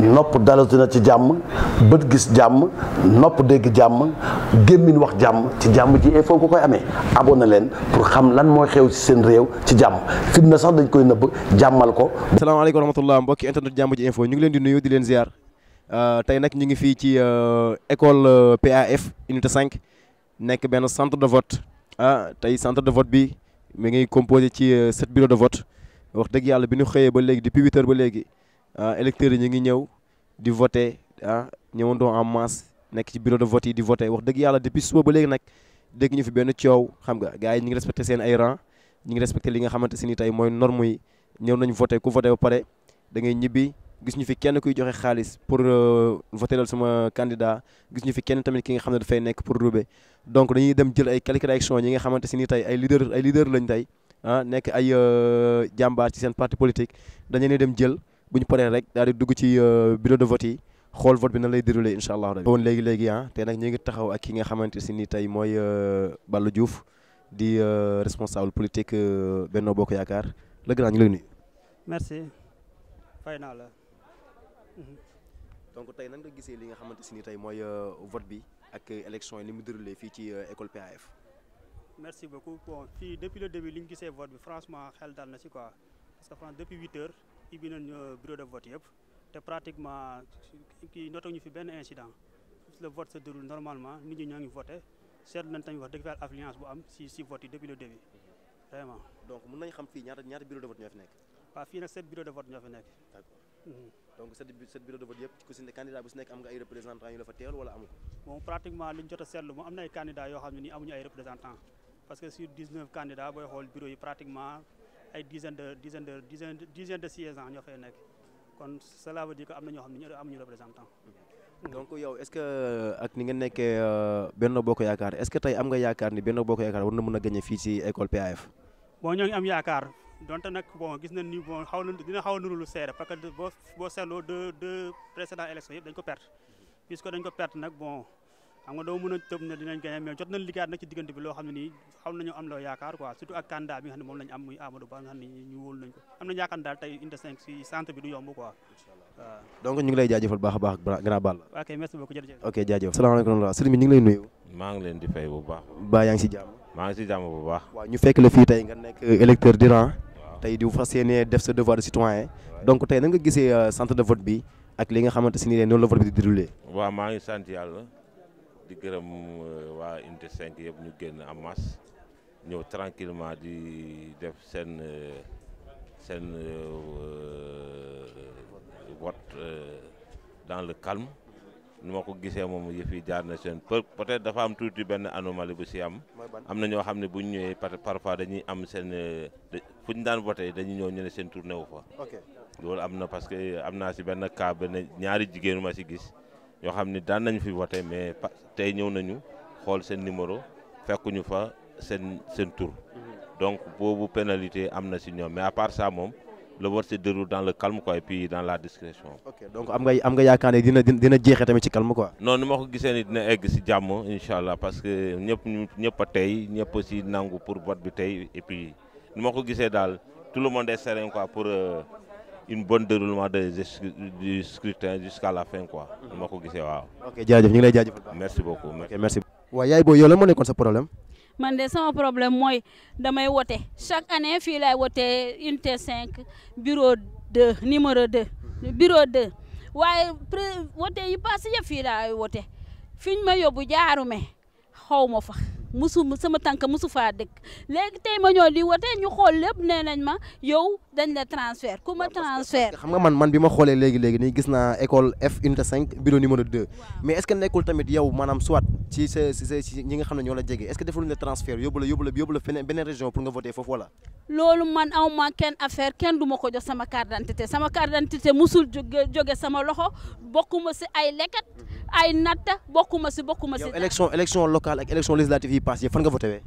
nopp dalatu na ci jàmm bët gis jàmm nopp dégg jàmm gémmiñ wax jàmm ci jàmm ji e foo ko koy amee abonné leen pour xam lan mooy xew ci seen réew ci jàmm fitna sax dañ koy nëbb jàmmal ko salaamaaleykum wa rahmatullah mbokki internet jàmm ji info ñu ngi leen di nuyu di leen ziar euh, tey nag ñu ngi fii ci euh, école euh, PAF unité 5 nekk benn centre de vote ah tey centre de vote bi mu ngi composé ci sept bureau de vote wax dëgg yàlla bi ñu xëyee ba léegi depuis huit ba léegi ah électeurs yi ñu ngi ñëw di voté ah ñëwandoo en masse nekk ci bureau de vote yi di voté wax dëgg yàlla depuis suba ba léegi nag dégg ñu fi benn coow xam nga gars yi ñu ngi respecté seen ay rang ñu ngi respecté li nga xamante si ni tey mooy norme yi ñëw nañ voté ku voté ba pare da ngay ñibbi gis ñu fi kenn kuy joxe xaalis pour euh, voté lal sama candidat gis ñu fi kenn tamit ki nga xam ne dafay nekk pour roube donc dañuy dem ay quelques yi nga xamante si ni tey ay leader ay leader lañ tey ah nekk ay euh, jàmbaar ci seen parti politique dañu dem jël bu ñu paree rek daal dugg ci euh, bureau de vote yi xool vote bi nan lay déroulé incha allah rabi. woon léegi léegi ah te nag ñu ngi taxaw ak ki nga xamante si ni tey mooy euh, Balla Diouf di euh, responsable politique Benno Bokk Yaakaar la grand ñu lay nuyu. merci fay naa la. donc tey nan nga gisee li nga xamante si ni tey mooy vote bi ak élection yi ni mu déroulé fii ci école PAF. merci beaucoup bon fii depuis le début li ñu gisee vote bi franchement xel dal na ci quoi parce que France depuis huit kii bi nañ bureau de vote yëpp te pratiquement kii notuñu fi benn incident le vote se déroule normalement nit ñi ñoo ngi voté seetlu nañ tamit wax dëgg fa affluence bu am si si vote depuis le début vraiment. donc mën bureau de vote ñoo fi nekk. waaw fii nekk. am nga ay représentants yu la fa teewal wala amu ko. pratiquement li jot seetlu moom am na ay yoo xam ne amuñu ay représentants parce que sur dix neuf candidats booy xool bureau yi pratiquement. ay dizaine de dizaine de dizaine de dizaine de siégeants ñoo fay nekk kon cela veut dire que am na ñoo xam ne ñu représentant. donc yow est-ce que euh, est tey am nga yaakaar ni Benno Bokk Yaakaar war na mën a gagner fii ci école PAF. bon ñoo ngi am yaakaar donte nag bon gis nañ ni bon xaw na dina xaw a nuru lu seere parce que boo boo seetloo deux deux précédents yëpp dañ ko perte puisque dañ ko perte nag bon. xam nga doo mën a tëb ne dinañ gagné mais jot nañ liggéeyaat nag ci diggante bi loo xam ne nii xam nañu am loo yaakaar quoi surtout ak candidat bi nga xam ne moom lañ am muy Amadou Ba nga xam ne ñu wóolu nañ ko am nañ yaakaar daal tey unité 5 si centre bi du yomb quoi waaw donc ñu ngi lay jaajëfal baax a baax grand Balla ok merci beaucoup jërëjëf ok jaajëf salaamaaleykum sëriñ bi ñu ngi lay nuyu maa ngi leen di fay bu baax ba yaa ngi si jàmm maa ngi si jàmm bu baax waaw ñu fekk la fii tey nga nekk euh, électeur di rang tey di fas yéene def sa devoir de citoyen donc tey na nga gisee euh, centre de vote bi ak li nga xamante si nii noonu la vote bi di déroulé waaw maa ngi sant yàlla di gërëm euh, waa unité cinq yëpp ñu génn en masse ñëw tranquillement di def seen euh, seen euh, vote dans le calme nu ma ko gisee moom yëf yi jaar na seen peut peut-être dafa am tuuti benn anomalie bu si am am na ñoo xam ne bu ñu ñëwee parfois dañuy am seen fu ñu daan voté dañuy ñëw ñu ne seen tournée fa loolu am na parce que am naa si benn cas benn ñaari jigéenu ma si gis yoo xam ni daan nañ fi voté mais tey ñëw nañu xool seen numéro fekkuñu fa seen seen tour mhm. donc boobu pénalité am na si ñoom mais à part moom le vote se déroule dans le calme quoi et puis dans la discrétion. ok donc am nga am nga yaakaar ne dina dina jeexee tamit ci calme quoi. non ni ma ko gisee ni dina egg si jàmm incha allah parce que ñëpp ñu ñëpp a tey ñëpp si nangu pour vote bi tey et puis ni ma ko gisee daal tout le monde est serein pour. Euh, une bonne déroulement de du scrutin jusqu'à la fin quoi. Mhm. nu ma ko gisee waaw. ok jaajëf ñu ngi waaw yaay booy yow lan moo nekkoon sa problème. man de sama problème mooy damay woote chaque année fii laay wote unité cinq bureau 2 numéro 2 bureau 2 waaye wote yi passé yëpp fii laay fiñ ma yóbbu jaarume xaw ma fa. musuma sama tànk musu faa dëkk léegi tey ma ñoo di wote ñu xool lépp nee nañ ma yow dañ la transfert ku ma transfert xam nga man man bi ma xoolee léegi léegi nii gis naa école F unité 5 bureau numéro 2 mais est que nekkul tamit yow maanaam soit ci sa sa ci ñi nga xam ne ñoo la jege est ce que defaluñ la transfert yóbbu la yóbbu la yóbbu la feneen beneen région pour nga voter foofu wala loolu man aw kenn affaire kenn duma ko jox sama carte d'identité sama carte d'identité musul jóge jóge sama loxo bokkuma si ay lekkat mm-hmm. ay natt bokkuma si bokkuma si. yow élection élection locale ak élection législative yi passé fan nga voté wee.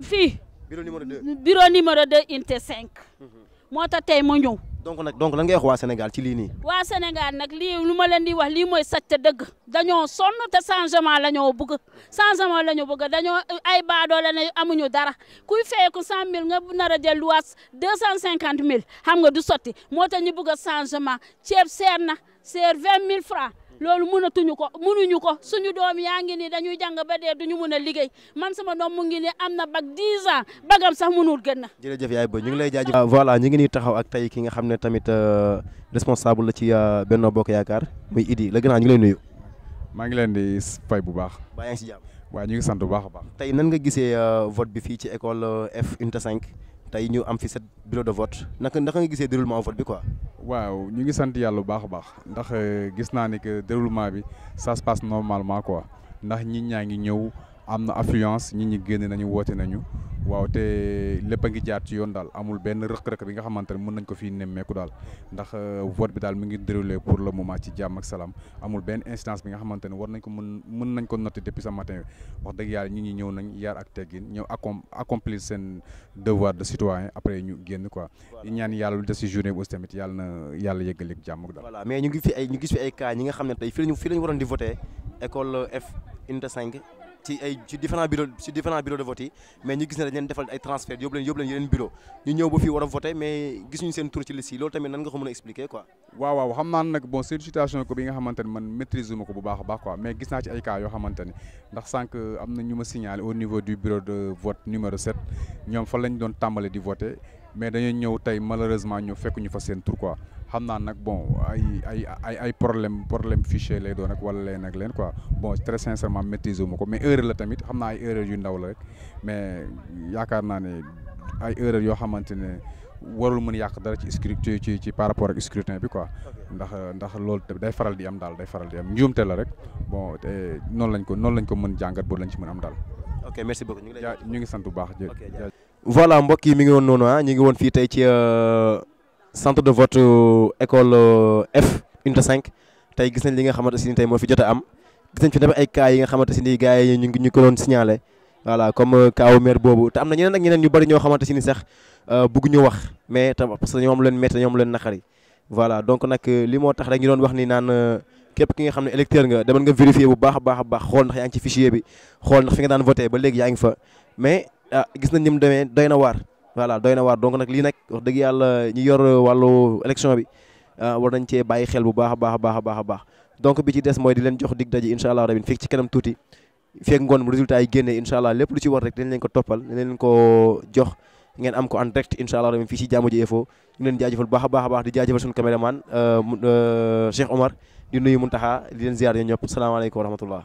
fii. bureau numéro 2 bureau numéro 2 unité cinq mhm. moo tax tey ma ñow donc nag donc lan ngay wax waa Sénégal ci lii nii. waa Sénégal nag lii lu ma leen di wax lii mooy sàcc dëgg dañoo sonn te changement la ñoo bëgg changement la ñu bëgg dañoo ay baadoole ne amuñu dara kuy feyeku cent mille nga nar a jël luwaas deux cent cinquante mille xam nga du sotti moo tax ñu bëgg a changement ceeb seer na. seer vingt mille francs loolu mënatuñu ko mënuñu ko suñu doom yaa ngi nii dañuy jàng ba dee duñu mën a liggéey man sama doom mu ngi nii am na bag 10 ans bagam sax mënul gën na. jërëjëf yaay ba ñu ngi lay jaajëf. Ah, voilà ñu ngi nii taxaw ak tey ki nga xam ne tamit euh, responsable la ci euh, Benno Bokk Yaakaar muy Idy la gën ñu lay nuyu. maa ngi leen di fay bu baax. baa yaa si jàmm. waaw ñu ngi sant bu baax a baax. tey nan nga gisee euh, vote bi fii ci école F unité 5 tey ñu am fi sept bureau de vote naka naka nga gisee déroulement vote bi quoi. waaw ñu ngi sant yàlla bu baax a baax ndax eh, gis naa ni que déroulement bi ça se passe normalement quoi ndax ñi ñaa ngi ñëw. am na affluence nit ñi génn nañu woote nañu waaw te lépp a ngi jaar ci yoon daal amul benn rëq-rëq bi nga xamante ne mën nañ ko fii nemmeeku daal ndax euh, vote bi daal mi ngi déroulé pour le moment ci jàmm ak salaam amul benn instance bi nga xamante ne war nañ ko mën nañ ko noté depuis ce matin wax dëgg yàlla ñu ñi ñëw nañ yar ak teggin ñëw accom seen devoir de après ñu génn quoi ñaan yàlla lu des si journée bi aussi tamit yàlla na yàlla yëggaleeg jàmm ak daal mais ñu gis fi ay cas ñi nga xam ne tey fii lañu fii lañu waroon di voté école F ci ay ci différents bureaux ci différents bureaux de vote yi mais ñu gis ne dañ leen defal ay transfert yóbbu leen yóbbu leen yeneen bureau ñu ñëw ba fii war a voté mais gisuñu seen tur ci liste yi loolu tamit nan nga ko mën a expliquer quoi waaw waaw xam naa nag bon ko bi nga xamante ne man maîtrise ma ko bu baax a baax quoi mais gis naa ci ay cas yoo am na ñu ma signalé au niveau du bureau de vote numéro 7 ñoom fa lañ doon tàmbale di voté mais dañoo ñëw tey malheureusement fekk ñu fa seen tur quoi xam naa nag bon ay ay ay ay problème problème fichier lay doon rek wala leen ak leen quoi bon très sincèrement maîtriser wu ma ko mais la tamit xam naa ay erreur yu ndaw la rek mais yaakaar naa ne ay erreur yoo xamante ne warul mën yàq dara ci scrutin ci ci par rapport ak bi quoi ndax ndax loolu day faral di am daal day faral di am njuumte la rek bon te noonu lañ ko noonu lañ ko mën jàngat boobu lañ ci mën am daal. ok merci beaucoup ñu ngi sant bu baax voilà mbokk yi mi ngi woon noonu ah ñu ngi woon fii tey ci. Euh, centre de vote euh, école euh, F unité 5 tey gis nañ li nga xamante si ni tey moo fi jot am gis nañ fi tamit ay cas yi nga xamante si ni gars yi ñu ngi ñu ko doon signalé voilà comme kaaw euh, maire boobu te am na ñeneen ak ñeneen ñu bari ñoo xamante si ni sax bëgg ñu wax mais tam parce que ñoom leen métti ñoom leen naqari voilà donc nag li moo tax rek ñu doon wax ni naan képp ki nga xam ne électeur nga demal nga vérifier bu baax a baax a baax xool ndax yaa ngi ci fichier bi xool ndax fi nga daan voté ba léegi yaa ngi fa mais ah gis nañ mu demee doy na waar voilà doy na waar donc nag lii nag wax dëgg yàlla ñi yor wàllu élection bi ah, war nañ cee bàyyi xel bu baax a baax a baax a baax donc bi ci des mooy di leen jox dig daje incha allah rabin fekk ci kanam tuuti fekk ngoon mu résultat yi génnee incha allah lépp lu ci war rek dañ leen ko toppal dañ leen ko jox ngeen am ko en direct incha allah rabin fii ci Jamono ji info ñu leen jaajëfal bu baax a baax a baax di jaajëfal suñu caméraman euh, euh, Cheikh Omar di nuyu Mountakha di leen ziar ñëpp salaamaaleykum wa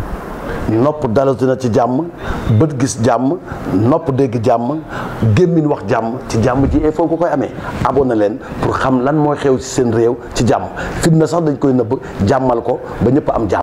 nopp dalatu na ci jàmm bët gis jàmm nopp dégg jàmm gémmiñ wax jàmm ci jàmm ji il faut ko koy amee na leen pour xam lan mooy xew ci seen réew ci jàmm fitna sax dañ koy nëbb jàmmal ko ba ñëpp am jàmm